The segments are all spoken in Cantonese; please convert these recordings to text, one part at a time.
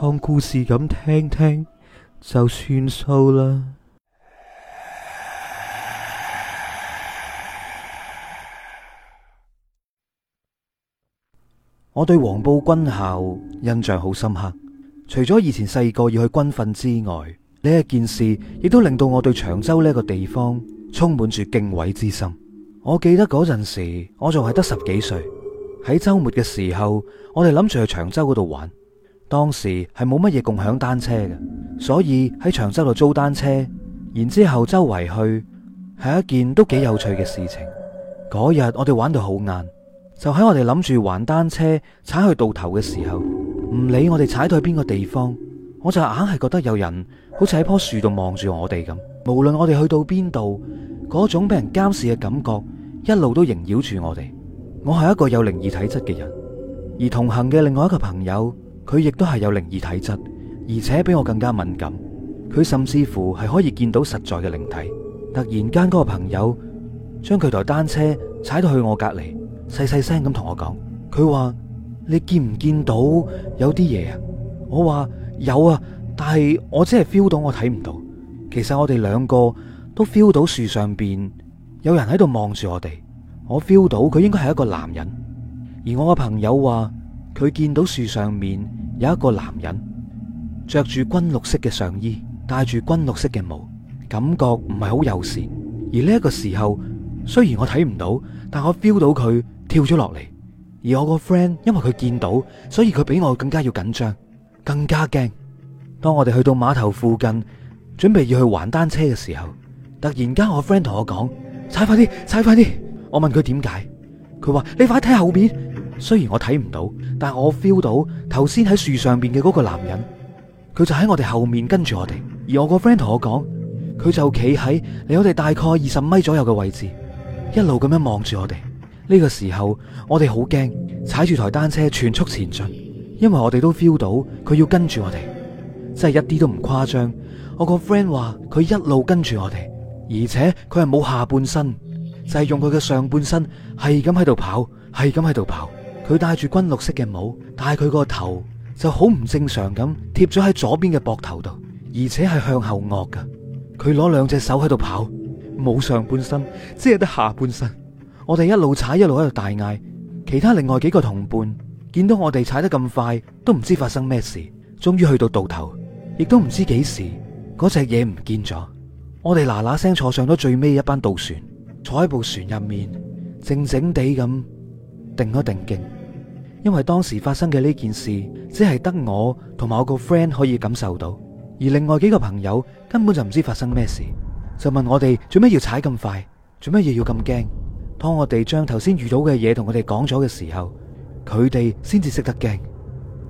當故事咁聽聽就算數啦。 我對黃埔軍校印象好深刻，除咗以前細個要去軍訓之外，呢一件事亦都令到我對長洲呢一個地方充滿住敬畏之心。我記得嗰陣時，我仲係得十幾歲，喺周末嘅時候，我哋諗住去長洲嗰度玩。當時係冇乜嘢共享單車嘅，所以喺長洲度租單車，然之後周圍去，係一件都幾有趣嘅事情。嗰日我哋玩到好晏，就喺我哋諗住還單車踩去渡頭嘅時候，唔理我哋踩到去邊個地方，我就硬係覺得有人好似喺棵樹度望住我哋咁。無論我哋去到邊度，嗰種俾人監視嘅感覺一路都縈繞住我哋。我係一個有靈異體質嘅人，而同行嘅另外一個朋友，佢亦都係有靈異體質，而且比我更加敏感。佢甚至乎係可以見到實在嘅靈體。突然間，嗰個朋友將佢台單車踩到去我隔籬，細細聲咁同我講：佢話你見唔見到有啲嘢啊？我話有啊，但係我只係 feel 到我睇唔到。其實我哋兩個都 feel 到樹上邊有人喺度望住我哋。我 feel 到佢應該係一個男人，而我嘅朋友話，佢見到樹上面有一個男人，着住軍綠色嘅上衣，戴住軍綠色嘅帽，感覺唔係好友善。而呢一個時候，雖然我睇唔到，但我 feel 到佢跳咗落嚟。而我個 friend 因為佢見到，所以佢比我更加要緊張，更加驚。當我哋去到碼頭附近，準備要去還單車嘅時候，突然間我 friend 同我講：踩快啲，踩快啲！我問佢點解，佢話：你快睇後邊。雖然我睇唔到，但係我 feel 到頭先喺樹上邊嘅嗰個男人，佢就喺我哋後面跟住我哋。而我個 friend 同我講，佢就企喺離我哋大概二十米左右嘅位置，一路咁樣望住我哋。呢個時候我哋好驚，踩住台單車全速前進，因為我哋都 feel 到佢要跟住我哋，真係一啲都唔誇張。我個 friend 話佢一路跟住我哋，而且佢係冇下半身，就係用佢嘅上半身係咁喺度跑，係咁喺度跑。佢戴住軍綠色嘅帽，但係佢個頭就好唔正常咁貼咗喺左邊嘅膊頭度，而且係向後臥㗎。佢攞兩隻手喺度跑，冇上半身，只係得下半身。我哋一路踩，一路喺度大嗌。其他另外幾個同伴見到我哋踩得咁快，都唔知發生咩事。終於去到渡頭，亦都唔知幾時嗰隻嘢唔見咗。我哋嗱嗱聲坐上咗最尾一班渡船，坐喺部船入面，靜靜地咁定咗定驚。因為當時發生嘅呢件事，只係得我同埋我個 friend 可以感受到，而另外幾個朋友根本就唔知發生咩事，就問我哋做咩要踩咁快，做咩嘢要咁驚。當我哋將頭先遇到嘅嘢同我哋講咗嘅時候，佢哋先至識得驚。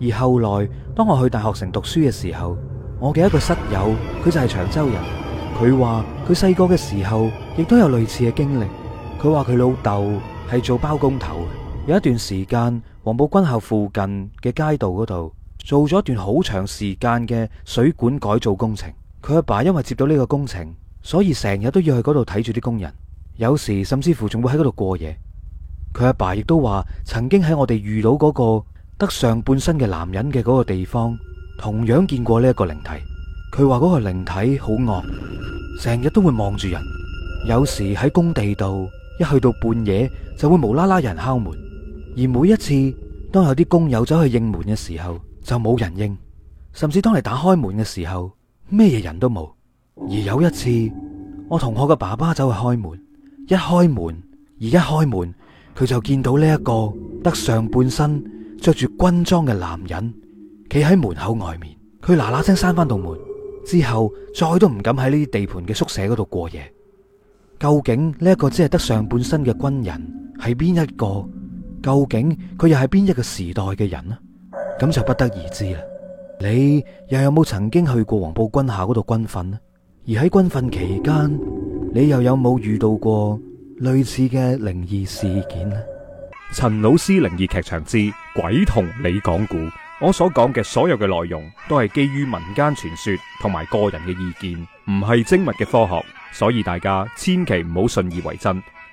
而後來當我去大學城讀書嘅時候，我嘅一個室友佢就係長洲人，佢話佢細個嘅時候亦都有類似嘅經歷。佢話佢老豆係做包工頭，有一段時間。黃埔軍校附近嘅街道嗰度做咗段好長時間嘅水管改造工程。佢阿爸因為接到呢個工程，所以成日都要去嗰度睇住啲工人，有時甚至乎仲會喺嗰度過夜。佢阿爸亦都話，曾經喺我哋遇到嗰個得上半身嘅男人嘅嗰個地方，同樣見過呢一個靈體。佢話嗰個靈體好惡，成日都會望住人，有時喺工地度一去到半夜就會無啦啦人敲門。而每一次，當有啲工友走去應門嘅時候，就冇人應；甚至當你打開門嘅時候，咩嘢人都冇。而有一次，我同學嘅爸爸走去開門，一開門而一開門，佢就見到呢一個得上半身着住軍裝嘅男人企喺門口外面。佢嗱嗱聲閂翻道門，之後再都唔敢喺呢啲地盤嘅宿舍嗰度過夜。究竟呢一個只係得上半身嘅軍人係邊一個？究竟佢又係邊一個時代嘅人呢？咁就不得而知啦。你又有冇曾經去過黃埔軍校嗰度軍訓呢？而喺軍訓期間，你又有冇遇到過類似嘅靈異事件呢？陳老師靈異劇場之「鬼同你講故」，我所講嘅所有嘅內容都係基於民間傳說同埋個人嘅意見，唔係精密嘅科學，所以大家千祈唔好信以為真。